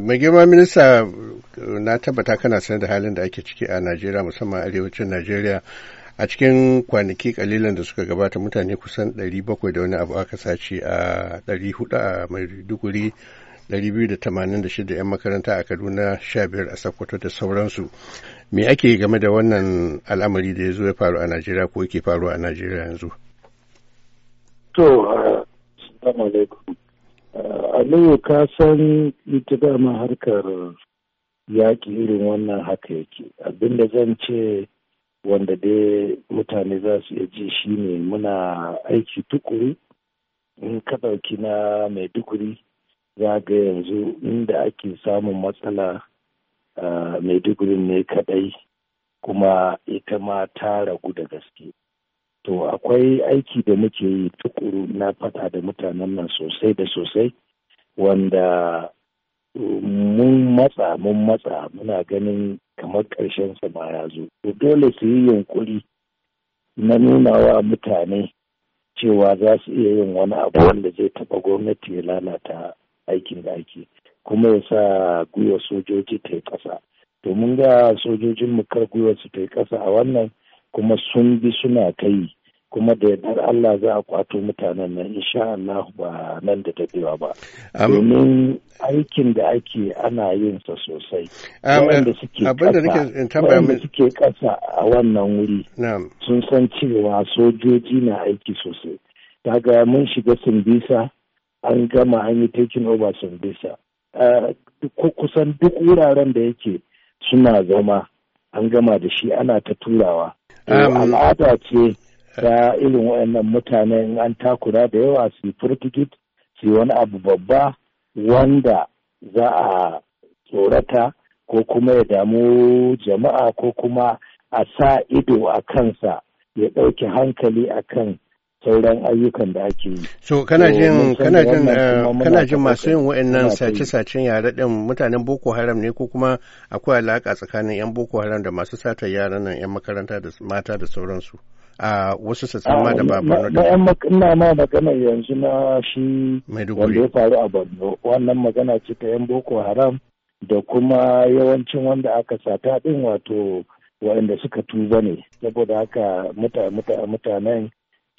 mai girma minista na tabbata kana sanar da halin da ake ciki a najeriya musamman arewacin najeriya a cikin kwanaki kalilan da suka gabata mutane kusan 700 da wani abu aka sace a 400 a maiduguri 286 'yan makaranta a kaduna 15 a sokoto da sauransu me ake game da wannan al'amari da ya zo ya faru a najeriya ko yake faru a najeriya yanzu to alaikum Aliyu ka san ita dama harkar yaƙi irin wannan haka yake. Abinda zan ce wanda dai mutane za su iya ji shi ne muna aiki tukuru in ka ɗauki na mai dukuri za ga yanzu inda ake samun matsala ah, mai ne kaɗai kuma ita ma ta ragu da gaske. to akwai aiki da muke yi tukuru na fata da mutanen nan sosai da sosai wanda um, mun matsa mun matsa muna ganin kamar ƙarshen sama ya zo dole su yi yunkuri na nuna wa mutane cewa za su iya yin wani abu wanda zai taɓa gwamnati ya lalata aikin da ake kuma ya sa gwiwa sojoji ta yi ƙasa domin ga sojojin mu kar gwiwa su ta yi ƙasa a wannan kuma sun bi suna kai kuma da yardar Allah za a kwato mutanen nan insha Allah ba nan da dadewa ba domin aikin da ake ana yin sa sosai wanda suke kasa suke kasa a wannan wuri sun san cewa sojoji na aiki sosai daga mun shiga Sumbisa an gama an yi taking over Sumbisa eh, kusan duk wuraren da yake suna zama an gama da shi ana ta turawa al'ada ce ta irin waɗannan mutanen an takura da yawa su firtikit su wani abu babba wanda za a tsorata ko kuma ya damu jama'a ko kuma a sa ido a kansa ya ɗauki hankali a kan sauran ayyukan da ake yi. So kana eh, eh, jin masu yin wa'annan sace-sacen yare ɗin mutanen Boko Haram ne ko kuma akwai alaƙa tsakanin 'yan Boko Haram da masu satar yaran nan 'yan makaranta da mata da sauransu. a wasu sassan ma da ba Borno da ina ma magana yanzu na shi wanda ya faru a Borno wannan magana ce ta yan Boko Haram da kuma yawancin wanda aka sata ɗin wato waɗanda suka tuba ne saboda haka mutanen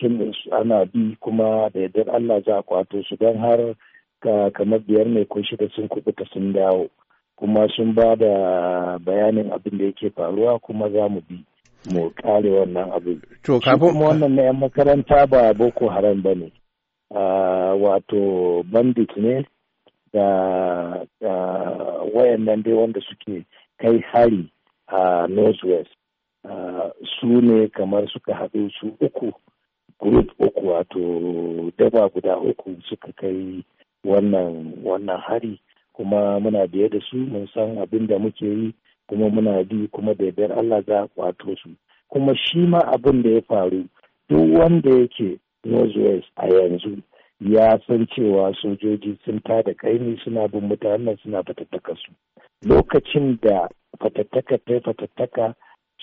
sun ana bi kuma da yardar Allah za a kwato su don har ka kamar biyar ne ko shida sun kubuta sun dawo kuma sun ba da bayanin abin da yake faruwa kuma za mu bi mu kare wannan abin. To kafin mu wannan na 'yan makaranta ba Boko Haram ba ne. Ah, wato bandit ne da wayannan dai wanda suke kai hari a Northwest. Ah, su ne kamar suka haɗu su uku, group uku wato daba guda uku suka kai wannan hari. kuma muna biye da su mun san abin da muke yi kuma muna bi kuma da yardar Allah za a kwato su kuma shi ma abin da ya faru duk wanda yake northwest a yanzu ya san cewa sojoji sun tada kaini suna bin mutanen suna fatattaka su lokacin da fatattaka ta fatattaka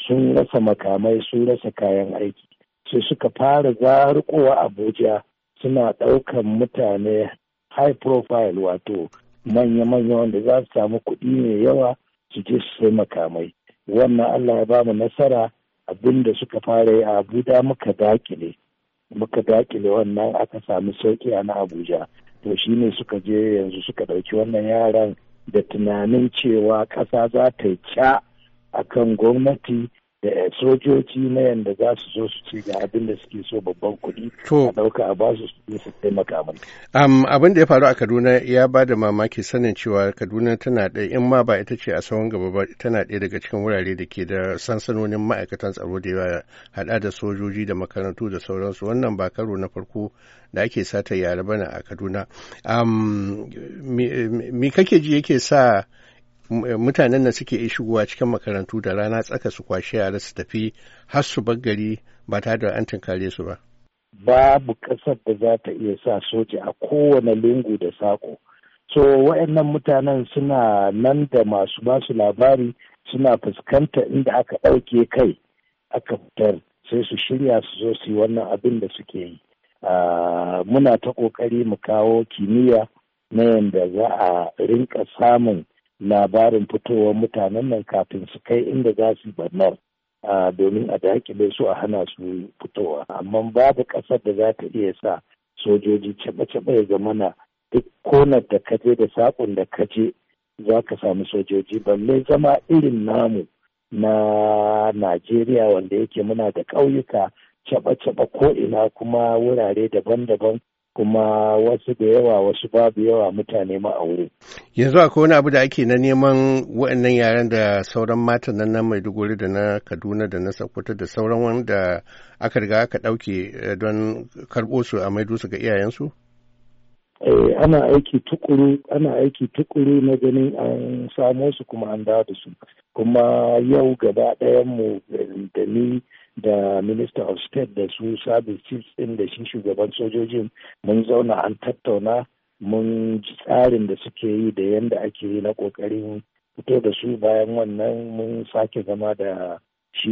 sun rasa makamai sun rasa kayan aiki sai suka fara zarukowa abuja suna ɗaukan mutane high profile wato manya-manya wanda za su samu kuɗi mai yawa su je su sai makamai wannan allah ya bamu nasara abinda suka fara yi a abuja muka dakile muka dakile wannan aka sami sauki a na abuja to shine suka je yanzu suka ɗauki wannan yaran da tunanin cewa ƙasa za ta ca a kan gwamnati da eh, sojoji na yadda za su zo su ci ga abin da suke so babban kuɗi a ɗauka a basu su su taimaka mana. abin da ya faru a Kaduna ya ba da mamaki sanin cewa Kaduna tana ɗaya in ma ba ita ce a tsawon gaba ba tana ɗaya daga cikin wurare da ke da sansanonin ma'aikatan tsaro da yawa haɗa da sojoji da makarantu da sauransu wannan ba karo na farko da ake sata yare bana a Kaduna. me kake ji yake sa mutanen da suke shigowa cikin makarantu da rana tsaka su kwashe yara su tafi har su gari ba tare da an tunkare su ba. Babu ƙasar da za ta iya sa soja a kowane lungu da sako. So waɗannan mutanen suna nan da masu basu labari suna fuskantar inda aka ɗauke kai aka fitar sai su shirya su zo su yi wannan abin da suke yi. Ah, muna ta ƙoƙari mu kawo kimiyya na yadda za a rinka samun labarin fitowar mutanen nan kafin su kai inda za su barnar domin a dakile su a hana su fitowa amma babu ƙasar da za ta iya sa sojoji caɓe-caɓe ya zamana duk konar da kaje da saƙon da kaje za ka samu sojoji balle zama irin namu na najeriya wanda yake muna da ƙauyuka caɓa ko ina kuma wurare daban-daban kuma wasu da yawa wasu babu yawa mutane ma wuri. Yanzu akwai wani abu da ake na neman waɗannan yaren da sauran matan nan na Maiduguri da na Kaduna da na Sokoto da sauran wanda aka riga aka ɗauke eh, don karɓo su a maido su ga iyayensu? Eh, ana aiki tukuru ana aiki tukuru na ganin an samo su kuma an dawo da su kuma yau gaba ɗayan mu eh, da ni da minista of state da su service chiefs din da shi shugaban sojojin mun zauna an tattauna mun ji tsarin da suke yi da yadda ake yi na kokarin fito da su bayan wannan mun sake zama da shi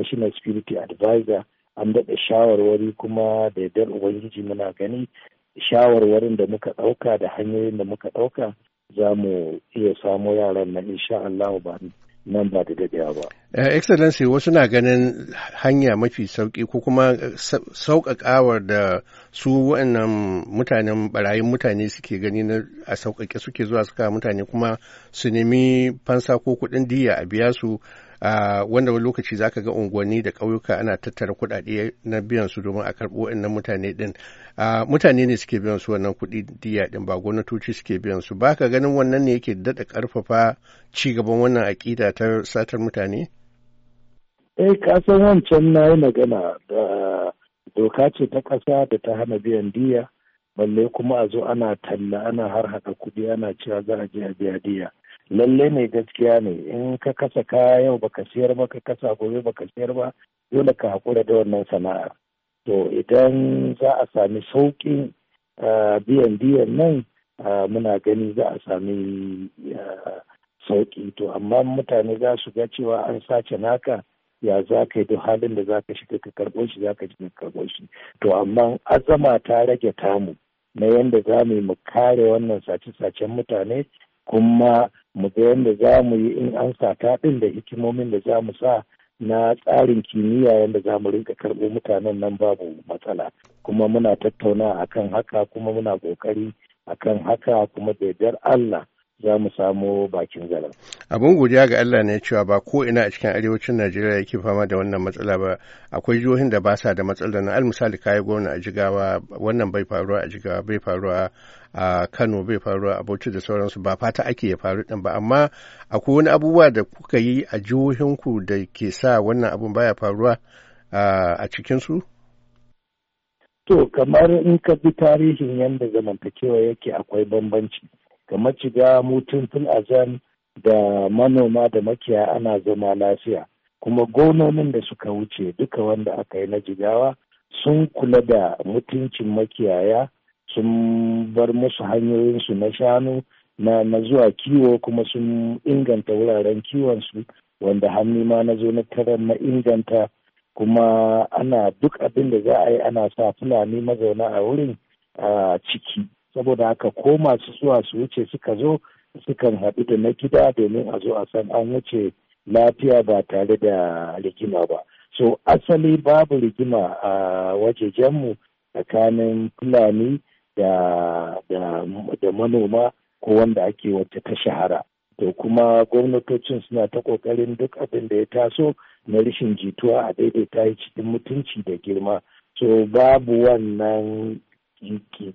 national security advisor an daɗa shawarwari kuma da yadda ubangiji muna gani shawarwarin da muka ɗauka da hanyoyin da muka ɗauka za mu iya samo yaran na insha Allah ba nan ba da daɗewa ba. Eh, excellency wasu na ganin hanya mafi sauƙi ko kuma eh, sauƙaƙawar da su waɗannan mutanen barayin mutane suke gani na a sauƙaƙe suke zuwa suka mutane kuma su nemi fansa ko kuɗin diya a biya su wanda wani lokaci za ka ga unguwanni da ƙauyuka ana tattara kuɗaɗe na biyan su domin a karɓo waɗannan mutane ɗin mutane ne suke biyan su wannan kuɗi diya ɗin ba gwamnatoci suke biyan su ba ka ganin wannan ne yake daɗa ƙarfafa ci gaban wannan aƙida ta satar mutane? eh kasan wancan na yi magana da doka ce ta ƙasa da ta hana biyan diya balle kuma a zo ana talla ana har haɗa kuɗi ana cewa za a je a biya diya lalle mai gaskiya ne in ka kasa kaya yau baka siyar ba ka kasa gobe baka siyar ba dole ka haƙura da wannan sana'a to idan za a sami sauƙin ah, biyan biyan nan ah, muna gani za a sami ah, sauƙi to amma mutane za su ga cewa an sace naka ya za ka yi duk halin da za ka shiga ka karɓo shi za ka shiga ka karɓo shi to amma azama ta rage tamu na yadda za mu yi mu kare wannan sace-sacen mutane kuma mu ga yadda za mu yi in an ta ɗin da hikimomin da za mu sa na tsarin kimiyya yadda za mu rinka karɓo mutanen nan babu matsala kuma muna tattauna akan haka kuma muna ƙoƙari akan haka kuma daidar Allah za mu samo bakin zaren. Abin godiya ga Allah ne cewa ba ko ina a cikin arewacin Najeriya yake fama da wannan matsala ba akwai jihohin da ba sa da matsala na almisali kayi gwamna a jigawa wannan bai faruwa a jigawa bai faruwa a Kano bai faruwa a Bauchi da sauransu ba fata ake ya faru din ba amma akwai wani abubuwa da kuka yi a jihohin ku da ke sa wannan abun baya faruwa a cikinsu? To kamar in ka bi tarihin yadda zamantakewa yake akwai bambanci. kamar ciga mutun a zan da manoma da makiya ana zama lafiya kuma gononin da suka wuce duka wanda aka yi na jigawa sun kula da mutuncin makiyaya sun bar musu hanyoyinsu na shanu na, zuwa kiwo kuma sun inganta wuraren kiwonsu wanda hannu ma na zo na taron na inganta kuma ana duk abin da za a yi ana sa fulani mazauna a wurin a ciki saboda haka ko masu zuwa su wuce suka zo sukan haɗu da na gida domin a zo a san an wuce lafiya ba tare da rigima ba so asali babu rigima a wajejenmu tsakanin fulani da, manoma ko wanda ake wata ta shahara to kuma gwamnatocin suna ta ƙoƙarin duk abin da ya taso na rashin jituwa a daidaita yi cikin mutunci da girma so babu wannan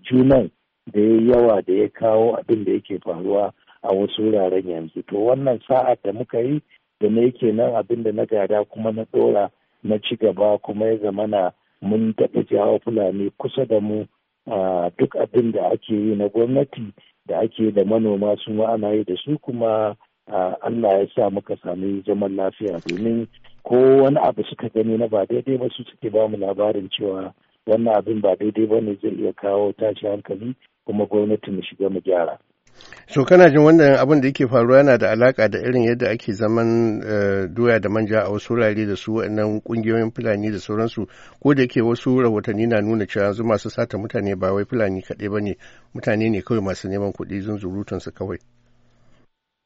junan da ya yawa da ya kawo abin da yake faruwa a wasu wuraren yanzu to wannan sa'ar da muka yi da na yake nan abin da na gada kuma na ɗora na ci gaba kuma ya zamana mun taɓa jawo fulani kusa da mu duk abin da ake yi na gwamnati da ake da manoma su ana yi da su kuma Allah ya sa muka sami zaman lafiya domin ko wani abu suka gani na ba daidai ba su suke ba mu labarin cewa wannan abin ba daidai ba ne zai iya kawo tashi hankali kuma gwamnati mu shiga mu gyara so kana jin wannan abin da yake faruwa yana da alaka da irin yadda ake zaman eh, doya da manja a wasu wurare da su waɗannan ƙungiyoyin fulani da sauransu ko da yake wasu rahotanni na nuna cewa yanzu masu sata mutane ba wai fulani kaɗai ba ne mutane ne kawai masu neman kuɗi su kawai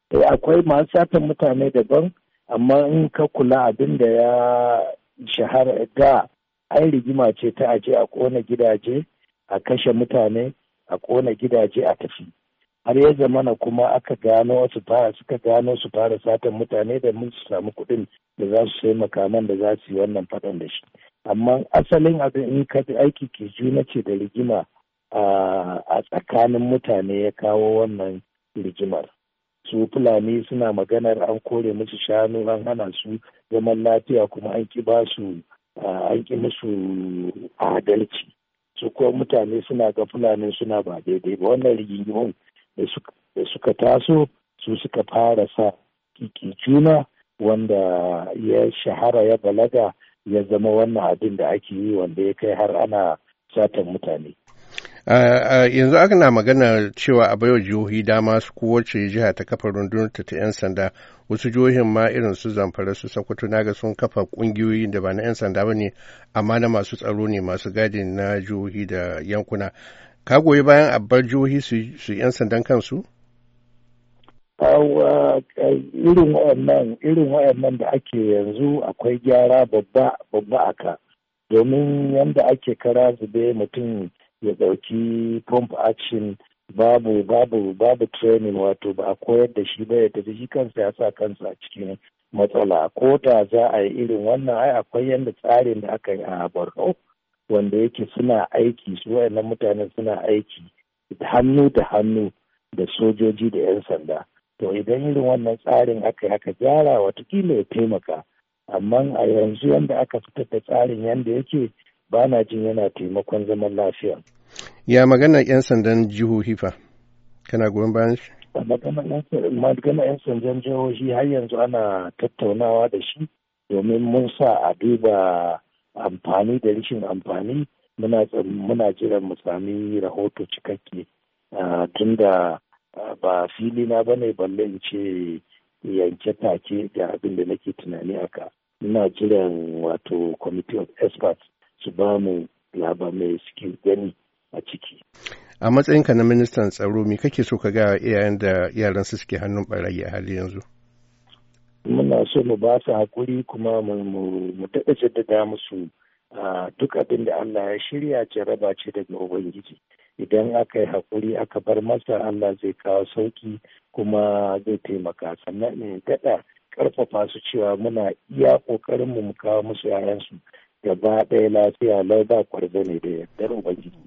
eh, akwai masu sata mutane daban amma in ka kula abin da ya shahara da ai rigima ce ta aje a kona gidaje a kashe mutane a kona gidaje a tafi har ya zamana kuma aka gano su fara suka gano su fara satan mutane da mun su samu kuɗin da za su sai makaman da za su yi wannan faɗan da shi amma asalin abin in ka aiki ke juna ce da rigima a tsakanin mutane ya kawo wannan rigimar su fulani suna maganar an kore musu shanu an hana su zaman lafiya kuma an ki ba su Ah, an ƙi musu adalci su kuma mutane suna ga fulanin suna ba daidai ba wannan rigingimun da suka taso su suka fara sa kiki juna wanda ya shahara ya balaga ya zama wannan abin da ake yi wanda ya kai har ana satan mutane ah, ah, yanzu aka na magana cewa a baiwa jihohi dama su kowace jiha ta kafa rundunarta ta 'yan sanda wasu jihohin ma irin su zamfara su sokoto naga sun kafa kungiyoyi da ba na 'yan sanda ba ne amma na masu tsaro ne masu gadi na jihohi da yankuna ka goyi bayan abbar jihohi su 'yan sandan kansu irin waɗannan irin da ake yanzu akwai gyara babba babba aka domin yanda ake kara zube mutum ya ɗauki pump action babu babu babu training wato ba a koyar da shi ba yadda tafi shi kansa ya sa kansa a cikin matsala ko da za a yi irin wannan ai akwai yadda tsarin da aka yi a barho wanda yake suna aiki su wayannan mutane suna aiki hannu da hannu da sojoji da 'yan sanda to idan irin wannan tsarin aka yi aka gyara watakila ya taimaka amma a yanzu yadda aka fitar da tsarin yadda yake ba na jin yana taimakon zaman lafiya. ya magana 'yan sandan jihohi fa kana goyon bayan shi magana 'yan sandan jihohi har yanzu ana tattaunawa da shi domin mun sa a duba amfani da rashin amfani muna jiran mu sami rahoto cikakke tun da ba fili na bane balle in ce yanke take da abin da nake tunani aka ina jiran wato committee of experts su ba mu labar mai suke gani a ciki. A matsayinka na ministan tsaro me kake so ka ga iyayen da yaran su suke hannun barayi a hali yanzu? Muna so mu ba su haƙuri kuma mu taɓa jaddada musu duk abin da Allah ya shirya ce raba ce daga Ubangiji. Idan aka yi haƙuri aka bar masa Allah zai kawo sauki kuma zai taimaka sannan in daɗa ƙarfafa su cewa muna iya ƙoƙarin mu kawo musu yaransu gaba ɗaya lafiya lau ba kwarza ne da yardar Ubangiji.